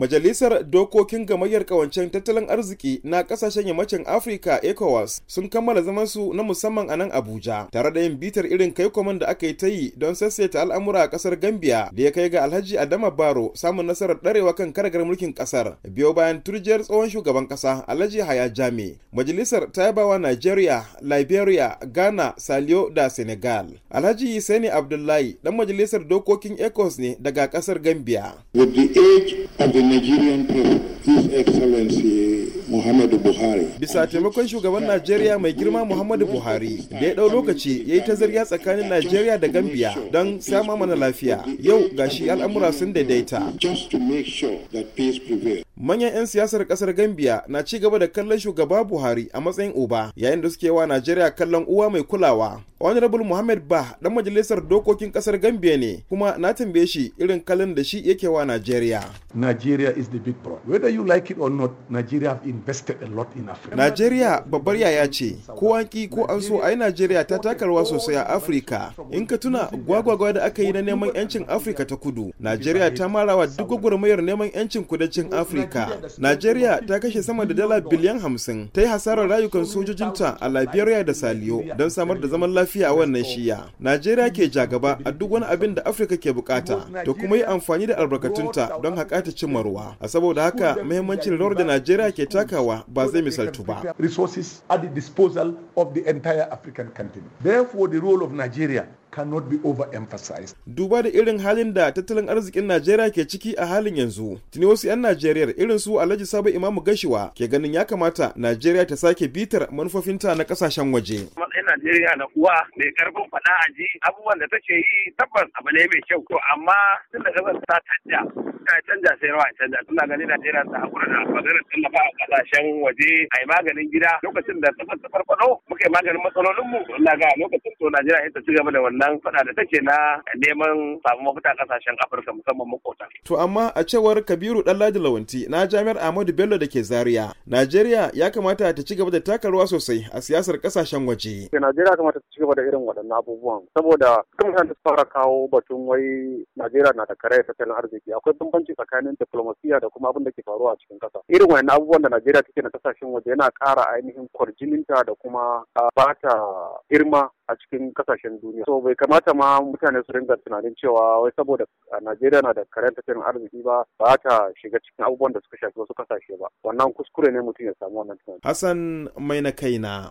Majalisar Dokokin Gamayyar Kawancen Tattalin Arziki na ƙasashen Yammacin Afirka ECOWAS sun kammala zaman su na musamman a nan Abuja, tare da yin bitar irin kai kwaman da aka yi ta yi don sassaita al'amura a ƙasar Gambia da ya kai ga Alhaji Adama Baro samun nasarar ɗarewa kan karagar mulkin ƙasar. Biyo bayan turjiyar tsohon shugaban ƙasa Alhaji Haya Jami. Majalisar ta wa Nigeria, Liberia, Ghana, Saliyo da Senegal. Alhaji Sani Abdullahi, ɗan majalisar dokokin ECOWAS ne daga ƙasar Gambia. Nigerian president, His Excellency Muhammadu Buhari. Bisa taimakon shugaban Najeriya mai girma Muhammadu Buhari da ya ɗau lokaci ya yi ta zarya tsakanin Najeriya da Gambia don sama mana lafiya. Yau gashi al'amura sun daidaita. Just to make sure that peace prevails. manyan 'yan siyasar kasar gambia na ci gaba da kallon shugaba buhari a matsayin uba yayin da suke wa najeriya kallon uwa mai kulawa honorable muhammad bah dan majalisar dokokin kasar gambia ne kuma na tambaye shi irin kallon da shi yake wa najeriya nigeria is the big brother whether you like it or not nigeria have invested a lot in africa nigeria babbar yaya ce ko an ki ko an so ai nigeria ta takarwa sosai a afirka in ka tuna gwagwagwa da aka yi na neman yancin afirka ta kudu nigeria ta marawa duk gwagwarmayar neman yancin kudancin afirka Amurka. Najeriya ta kashe sama da dala biliyan hamsin ta yi hasarar rayukan sojojinta a Liberia da Saliyo don samar da zaman lafiya a wannan shiya. Najeriya ke jagaba a duk wani abin da Afirka ke bukata ta kuma yi amfani da albarkatunta don haƙa ta cimma ruwa. A saboda haka mahimmancin rawar da Najeriya ke takawa ba zai misaltu ba. Resources at the disposal of the entire African continent. Therefore the role of Nigeria cannot be overemphasized. Duba da irin halin da tattalin arzikin Najeriya ke ciki a halin yanzu, tuni wasu 'yan Najeriya irin su Alhaji Sabo Imamu Gashiwa ke ganin ya kamata Najeriya ta sake bitar manufofinta na kasashen waje. 'yan Najeriya na uwa mai karfin faɗa a ji abubuwan da take yi tabbas abu ne mai kyau. To amma tun da kasar ta canja ta canja sai rawa canja tun da ganin Najeriya ta hakura da maganar tallafa a kasashen waje a yi maganin gida lokacin da kasar ta farfado muka yi maganin matsalolin mu ina ga lokacin to Najeriya ita ci gaba da wannan faɗa da take na neman samu mafita kasashen Afirka musamman makota. To amma a cewar Kabiru danladi Lawanti na Jami'ar Ahmadu Bello da ke Zaria, Najeriya ya kamata ta ci gaba da taka rawa sosai a siyasar kasashen waje. ce Najeriya kamata ta ci gaba da irin waɗannan abubuwan saboda kuma mutane su fara kawo batun wai Najeriya na da kare tattalin arziki akwai bambanci tsakanin diplomasiya da kuma abin da ke faruwa a cikin ƙasa irin waɗannan abubuwan da Najeriya take na kasashen waje yana ƙara ainihin kwarjininta da kuma ba ta girma a cikin kasashen duniya. So bai kamata ma mutane su ringa tunanin cewa wai saboda Najeriya na da karen tattalin arziki ba ba ta shiga cikin abubuwan da suka shafi wasu kasashe ba. Wannan kuskure ne mutum ya samu wannan tunani. Hassan mai na kaina